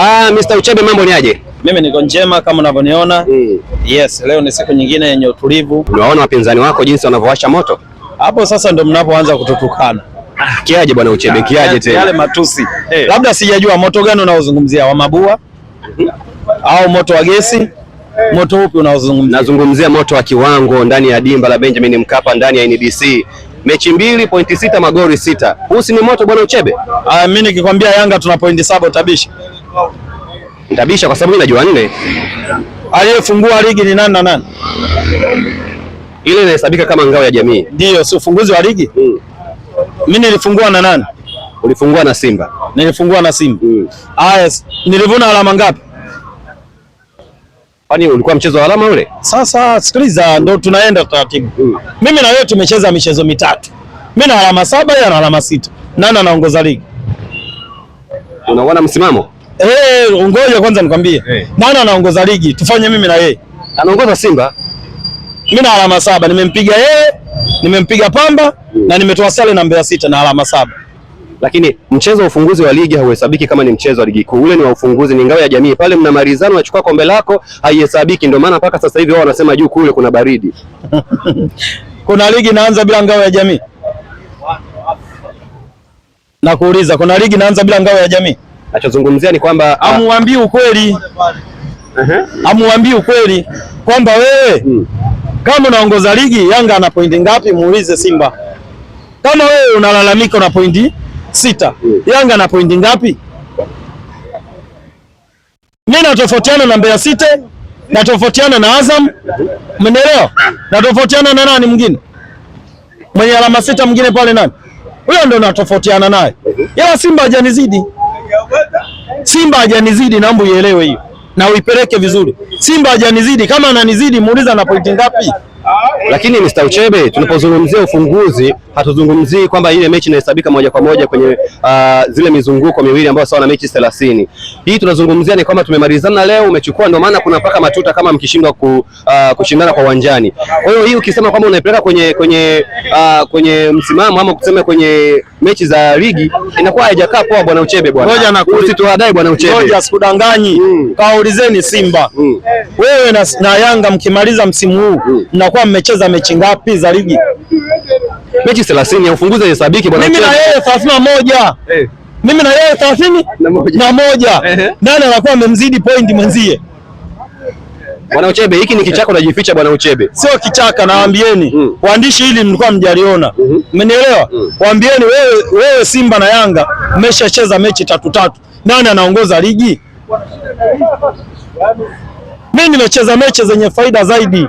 Ah, Mr. Uchebe mambo ni aje? Mimi niko njema kama unavyoniona. Mm. Yes, leo ni siku nyingine yenye utulivu. Unaona wapinzani wako jinsi wanavyowasha moto? Hapo sasa ndo mnapoanza kututukana. Ah, kiaje bwana Uchebe, ah, kiaje tena? Yale matusi. Hey. Eh. Labda sijajua moto gani unaozungumzia wa mabua? Mm -hmm. Au moto wa gesi? Moto upi unaozungumzia? Nazungumzia moto wa kiwango ndani ya dimba la Benjamin Mkapa ndani ya NBC. Mechi mbili pointi sita magori sita. Huu si ni moto bwana Uchebe? Ah, mimi nikikwambia Yanga tuna pointi saba utabisha. Nitabisha kwa sababu mimi najua nne. Aliyefungua ligi ni nani na nani? Ile inahesabika kama ngao ya jamii. Ndio, si ufunguzi wa ligi? Mm. Mimi nilifungua na nani? Ulifungua na Simba. Nilifungua na Simba. Haya, mm. Nilivuna alama ngapi? Kwani ulikuwa mchezo wa alama ule? Sasa sikiliza, ndo tunaenda taratibu. Mm. Mimi na wewe tumecheza michezo mitatu. Mimi na alama saba, yeye ana alama sita. Nani anaongoza ligi? Unaona msimamo? Eh, ngoja kwanza nikwambie. Hey. Eh. Nani anaongoza ligi? Tufanye mimi na yeye. Anaongoza Simba. Mimi na alama saba, nimempiga yeye, nimempiga Pamba mm, na nimetoa sare na Mbeya sita na alama saba. Lakini mchezo wa ufunguzi wa ligi hauhesabiki kama ni mchezo wa ligi kuu. Ule ni wa ufunguzi, ni ngao ya jamii. Pale mna marizano, unachukua kombe lako, haihesabiki. Ndio maana mpaka sasa hivi wao wanasema juu kule kuna baridi. Kuna ligi inaanza bila ngao ya jamii? Nakuuliza, kuna ligi inaanza bila ngao ya jamii? nachozungumzia ni kwamba ah, amuambie ukweli uh -huh. amuambie ukweli kwamba wewe hmm. kama unaongoza ligi Yanga ana pointi ngapi? Muulize Simba. Kama wewe unalalamika una pointi sita hmm. Yanga ana pointi ngapi? Mimi natofautiana na Mbeya City, natofautiana na Azam, umeelewa? Natofautiana na nani mwingine mwenye alama sita mwingine pale nani? Huyo ndo natofautiana naye, ila Simba hajanizidi. Simba hajanizidi, naomba uielewe hiyo na uipeleke vizuri. Simba hajanizidi, kama ananizidi muuliza na pointi ngapi? Lakini Mr. Uchebe, tunapozungumzia ufunguzi hatuzungumzii kwamba ile mechi inahesabika moja kwa moja kwenye uh, zile mizunguko miwili ambayo sawa na mechi thelathini. Hii tunazungumzia ni kwamba tumemalizana leo, umechukua, ndio maana kuna mpaka matuta kama mkishindwa ku, uh, kushindana kwa uwanjani. Kwa hiyo hii ukisema kwamba unaipeleka kwenye kwenye uh, kwenye msimamo ama kusema kwenye mechi za ligi inakuwa haijakaa poa, bwana Uchebe bwana. Ngoja na kusi tuadai bwana Uchebe. Ngoja sikudanganyi. Mm. Kaulizeni Simba. Mm. Wewe na, na Yanga mkimaliza msimu huu hmm. mnakuwa mm. mmecheza Tumecheza mechi ngapi za ligi? Mechi 30 ufunguze hesabiki bwana. Mimi na yeye 31. Eh. Mimi na yeye 30 na moja. Nani anakuwa amemzidi point mwenzie? Bwana Uchebe, hiki ni kichaka unajificha bwana Uchebe. Sio kichaka naambieni. Mm. Waandishi hili mlikuwa mjaliona. Mhm. Mmenielewa? Mm -hmm. Waambieni wewe, wewe Simba na Yanga mmeshacheza mechi tatu tatu. Nani anaongoza ligi? Mimi nimecheza mechi zenye faida zaidi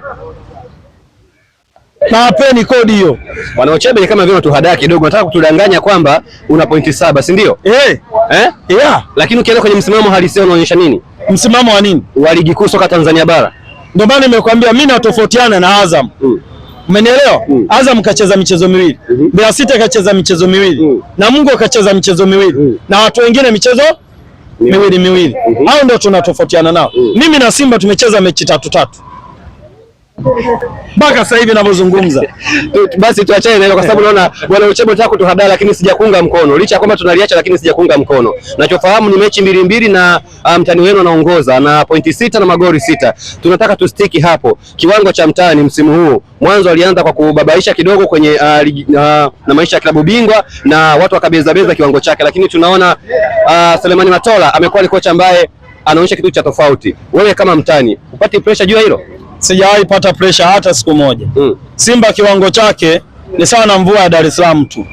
na kodi hiyo. Bwana Ochebe ni kama vile unatuhadaa kidogo, unataka kutudanganya kwamba una pointi saba, si ndio? Eh. eh? yeah. Lakini ukienda kwenye msimamo halisi unaonyesha nini? Msimamo wa nini wa ligi kuu soka Tanzania bara? Ndio maana nimekuambia mimi natofautiana na Azam mm. Umenielewa? mm. Azam kacheza michezo miwili mm -hmm. Mbeya City kacheza michezo miwili mm. na mungu kacheza michezo miwili mm. na watu wengine michezo miwili miwili mm -hmm. Hao ndio tunatofautiana nao mm. Mimi na Simba tumecheza mechi tatu tatu mpaka sasa hivi ninavyozungumza. Basi tuachane na hilo kwa sababu naona bwana Uchebo nataka kutuhadaa, lakini sijakuunga mkono licha ya kwamba tunaliacha, lakini sijakuunga mkono. Nachofahamu ni mechi mbili mbili na uh, mtani um, wenu anaongoza na pointi sita na magori sita. Tunataka tustiki hapo. Kiwango cha mtani msimu huu mwanzo alianza kwa kubabaisha kidogo kwenye uh, ligi, uh, na maisha ya klabu bingwa na watu wakabeza beza kiwango chake, lakini tunaona uh, Selemani Matola amekuwa ni kocha ambaye anaonyesha kitu cha tofauti. Wewe kama mtani upati pressure juu ya hilo? sijawahi pata pressure hata siku moja mm. Simba kiwango chake ni sawa na mvua ya Dar es Salaam tu.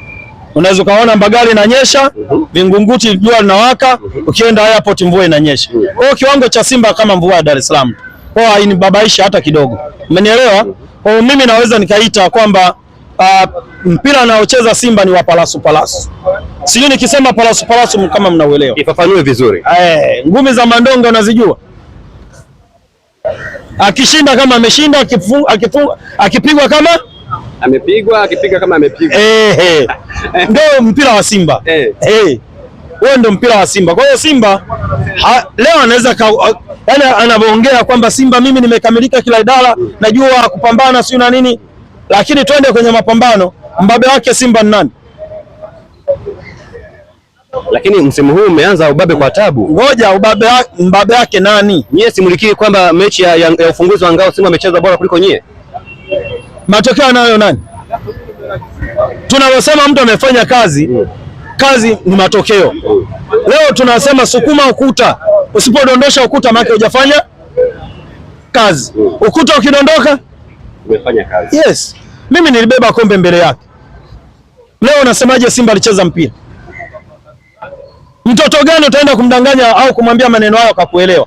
Unaweza ukaona Mbagali inanyesha mm -hmm. Vingunguti jua linawaka mm -hmm. Ukienda airport mvua inanyesha mm -hmm. Kwa kiwango cha Simba kama mvua ya Dar es Salaam, kwa hainibabaisha hata kidogo, umenielewa? Hmm. Kwa mimi naweza nikaita kwamba uh, mpira anaocheza Simba ni wa palasu palasu. Sijui nikisema palasu palasu kama mnauelewa. Ifafanue vizuri. Eh, ngumi za Mandonga unazijua? akishinda kama ameshinda, akipigwa kama amepigwa, akipiga kama amepigwa. Eh, ndio mpira wa Simba eh. huo ndio mpira wa Simba. Kwa hiyo Simba ha, leo anaweza yaani, anavyoongea kwamba Simba mimi nimekamilika kila idara, najua kupambana sio na nini, lakini twende kwenye mapambano. Mbabe wake Simba ni nani? lakini msimu huu umeanza ubabe kwa tabu. Ngoja ubabe mbabe wake nani? Nyie simulikii kwamba mechi ya, ya, ya ufunguzi wa ngao Simba amecheza bora kuliko nyie. Matokeo anayo nani? Tunalosema mtu amefanya kazi mm. Kazi ni matokeo mm. Leo tunasema sukuma ukuta, usipodondosha ukuta maana hujafanya kazi mm. Ukuta ukidondoka umefanya kazi. Yes, mimi nilibeba kombe mbele yake. Leo unasemaje Simba alicheza mpira? Mtoto gani utaenda kumdanganya au kumwambia maneno hayo akakuelewa?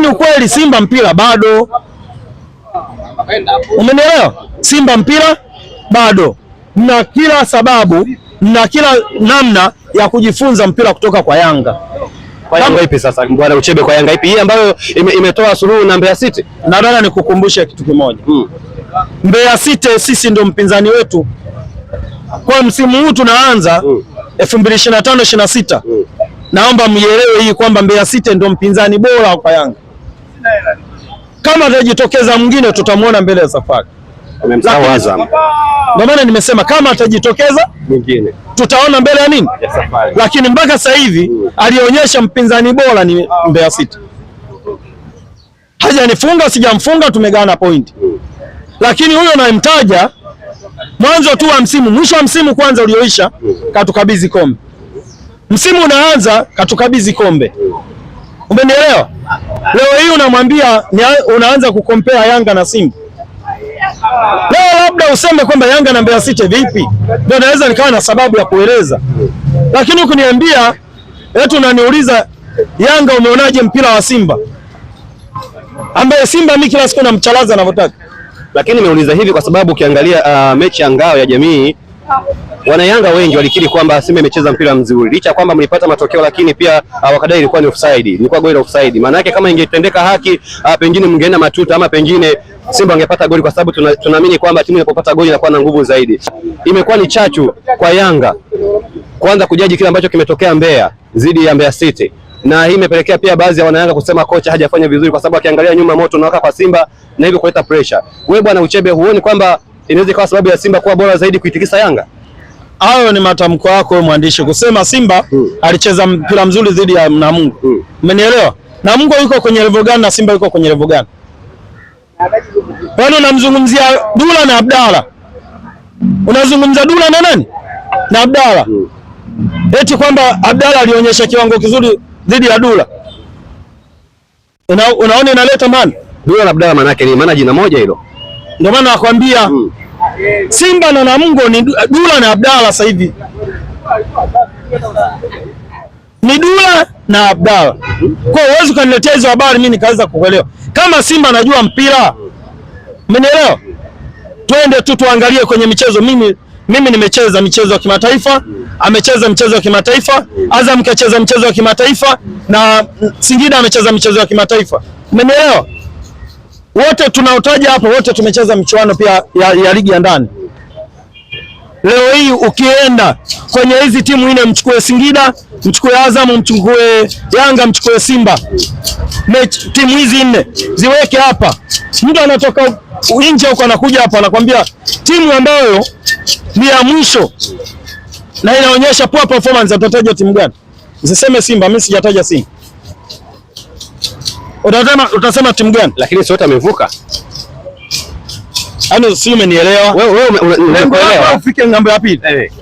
ni ukweli, Simba mpira bado. Umenielewa? Simba mpira bado, mna kila sababu, mna kila namna ya kujifunza mpira kutoka kwa Yanga. Kwa Yanga ipi sasa, bwana Uchebe? Kwa Yanga ipi hii ambayo ime, imetoa suluhu na Mbeya City? Nataka nikukumbushe kitu kimoja hmm. Mbeya City sisi ndio mpinzani wetu kwa msimu huu tunaanza hmm elfu mbili ishirini na tano ishirini na sita Naomba mielewe hii kwamba Mbeya City ndio mpinzani bora kwa Yanga. Kama atajitokeza mwingine tutamwona mbele ya safari. Ndio maana nimesema kama atajitokeza mwingine tutaona mbele ya nini ya safari, lakini mpaka sasa hivi mm. alionyesha mpinzani bora ni Mbeya City. Hajanifunga sijamfunga, tumegawana pointi mm. lakini huyo anayemtaja mwanzo tu wa msimu, mwisho wa msimu kwanza ulioisha, katukabidhi kombe. Msimu unaanza katukabidhi kombe, umenielewa? Leo hii unamwambia unaanza kukompea Yanga na Simba. Leo labda useme kwamba Yanga na Mbeya City vipi, ndio naweza nikawa na sababu ya kueleza, lakini ukiniambia eti eh, unaniuliza Yanga umeonaje mpira wa Simba ambaye Simba mi kila siku namchalaza anavyotaka lakini nimeuliza hivi kwa sababu ukiangalia uh, mechi ya ngao ya jamii wanayanga wengi walikiri kwamba Simba imecheza mpira mzuri licha kwamba mlipata matokeo, lakini pia uh, wakadai ilikuwa ni offside, ilikuwa goli la offside. Maana yake kama ingetendeka haki uh, pengine mngeenda matuta ama pengine Simba angepata goli, kwa sababu tunaamini tuna kwamba timu inapopata goli inakuwa na nguvu zaidi. Imekuwa ni chachu kwa Yanga kuanza kujaji kile ambacho kimetokea Mbeya dhidi ya Mbeya City na hii imepelekea pia baadhi ya wanayanga kusema kocha hajafanya vizuri, kwa sababu akiangalia nyuma moto unawaka kwa Simba na hivyo kuleta pressure. Wewe bwana Uchebe, huoni kwamba inaweza ikawa sababu ya Simba kuwa bora zaidi kuitikisa Yanga? Hayo ni matamko yako wewe mwandishi, kusema Simba hmm, alicheza mpira mzuri dhidi ya Namungo, hmm. umenielewa? Hmm. Namungo yuko kwenye level gani na Simba yuko kwenye level gani? Bwana, unamzungumzia Dula na Abdalla, Unazungumza Dula na nani na Abdalla Hmm. Eti kwamba Abdalla alionyesha kiwango kizuri dhidi ya Dula. Una, unaona inaleta maana Dula na maana yake ni maana jina moja hilo, ndio maana nakwambia hmm. Simba na Namungo ni Dula na Abdala, sasa hivi ni Dula na Abdala. Kwa hiyo uwezi ukaniletea hizo habari mimi nikaweza kukuelewa. Kama Simba najua mpira, umenielewa? Twende tu tuangalie kwenye michezo mimi mimi nimecheza michezo ya kimataifa, amecheza mchezo wa kimataifa, Azam kacheza mchezo wa kimataifa na Singida amecheza mchezo wa kimataifa. Umenielewa? Wote tunaotaja hapo wote tumecheza michuano pia ya, ya ligi ya ndani. Leo hii ukienda kwenye hizi timu nne, mchukue Singida, mchukue Azam, mchukue Yanga, mchukue Simba, mechi timu hizi nne ziweke hapa si mtu anatoka nje huko anakuja hapa anakwambia timu ambayo ni ya mwisho na inaonyesha poor performance, atataja timu gani? Usiseme Simba, mimi sijataja Simba. Utasema utasema timu gani? Lakini sote amevuka. Ano, yaani si umenielewa? Wewe wewe unaelewa. Ufike ngambo ya pili. Eh.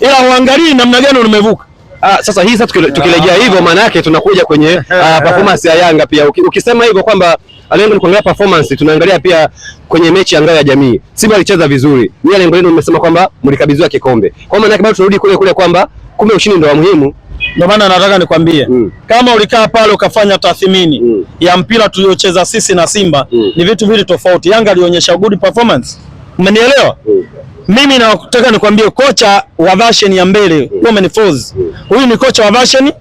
Ila uangalie namna gani umevuka. Ah, sasa hii sasa tukirejea ah. hivyo maana yake tunakuja kwenye uh, performance ya Yanga pia. Ukisema hivyo kwamba lengo ni kuangalia performance, tunaangalia pia kwenye mechi ya ngao ya jamii. Simba alicheza vizuri. Nia lengo lenu nimesema kwamba mlikabidhiwa kikombe. Kwa maana yake bado tunarudi kule kule kwamba kumbe ushindi ndio muhimu. Ndio maana nataka nikwambie mm. Kama ulikaa pale ukafanya tathmini mm. ya mpira tuliocheza sisi na Simba mm. ni vitu vili tofauti. Yanga alionyesha good performance. Umenielewa? Mm. Mimi nataka nikwambie kocha wa version ya mbele Roman Folz, huyu ni kocha wa version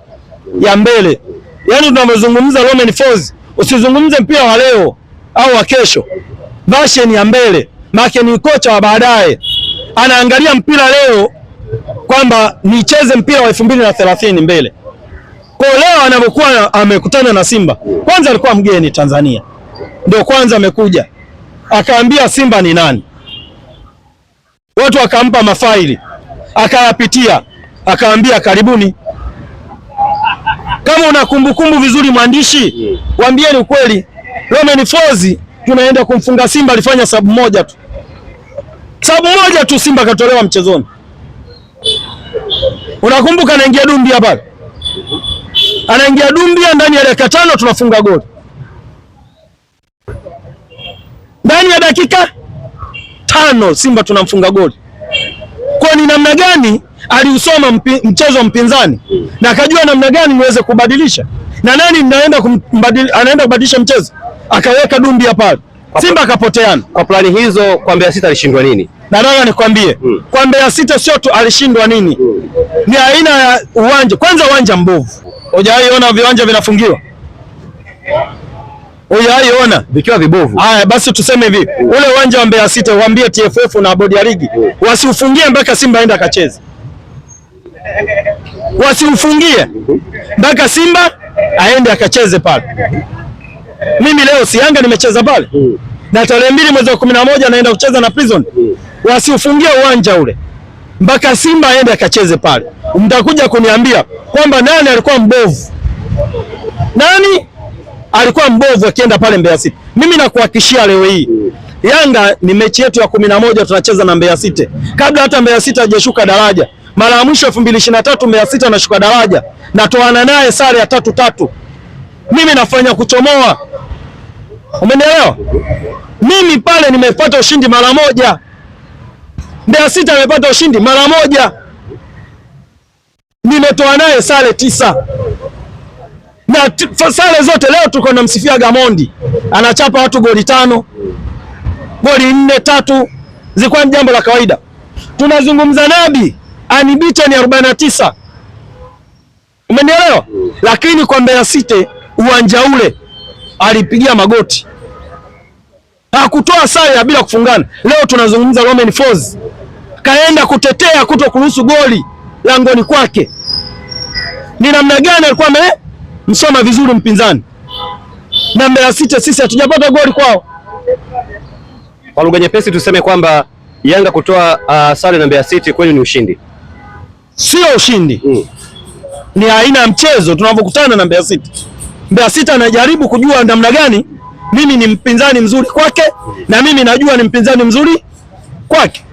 ya mbele. Yaani tunapozungumza Roman Folz, usizungumze mpira wa leo au wa kesho, version ya mbele, maana ni kocha wa baadaye. Anaangalia mpira leo kwamba nicheze mpira wa 2030 mbele. Kwa leo anapokuwa amekutana na Simba, kwanza alikuwa mgeni Tanzania, ndio kwanza amekuja akaambia Simba ni nani watu akampa mafaili akayapitia, akaambia karibuni. Kama una kumbukumbu vizuri, mwandishi, ni ukweli, Romain Folz tunaenda kumfunga Simba alifanya sabu moja tu, sabu moja tu, Simba katolewa mchezoni. Unakumbuka, anaingia Dumbia pale, anaingia Dumbia, ndani ya dakika tano tunafunga goli ndani ya dakika tano Simba tunamfunga goli. Kwa ni namna gani aliusoma mpi, mchezo mpinzani na akajua namna gani niweze kubadilisha na nani naenda anaenda kubadilisha mchezo, akaweka Dumbia pale, Simba akapoteana. Kwa plani hizo, kwa Mbeya City alishindwa nini? Nataka nikwambie hmm. kwa Mbeya City sio tu alishindwa nini hmm. ni aina ya uwanja. Kwanza uwanja mbovu, hujawahi ona viwanja vinafungiwa Uyaiona vikiwa vibovu. Haya basi, tuseme hivi, ule uwanja wa Mbeya City uambie TFF na bodi ya ligi wasiufungie mpaka Simba aende akacheze, wasiufungie mpaka Simba aende akacheze pale. Mimi leo si Yanga nimecheza pale, na tarehe mbili mwezi wa kumi na moja naenda kucheza na Prison. Wasiufungie uwanja ule mpaka Simba aende akacheze pale. Mtakuja kuniambia kwamba nani alikuwa mbovu, nani alikuwa mbovu akienda pale Mbeya City. Mimi nakuhakikishia leo hii Yanga ni mechi yetu ya kumi na moja tunacheza na Mbeya City. Kabla hata Mbeya City hajashuka daraja, mara ya mwisho 2023 Mbeya City anashuka daraja na toana naye sare ya tatu tatu. Mimi nafanya kuchomoa, umenielewa? Mimi pale nimepata ushindi mara moja, Mbeya City amepata ushindi mara moja, nimetoa naye sare tisa baada ya sare zote leo tuko na msifia Gamondi, anachapa watu goli tano goli nne tatu, zilikuwa ni jambo la kawaida. Tunazungumza Nabi anibita ni arobaini na tisa, umenielewa? Lakini kwa Mbeya City uwanja ule alipigia magoti, hakutoa sare bila kufungana. Leo tunazungumza Romain Folz kaenda kutetea kuto kuruhusu goli langoni kwake, ni namna gani alikuwa ame msoma vizuri mpinzani, na Mbeya City sisi hatujapata goli kwao. Kwa lugha nyepesi tuseme kwamba Yanga kutoa uh, sare na Mbeya City kwenu ni ushindi, sio ushindi mm. Ni aina ya mchezo tunavyokutana na Mbeya City. Mbeya City anajaribu kujua namna gani mimi ni mpinzani mzuri kwake na mimi najua ni mpinzani mzuri kwake.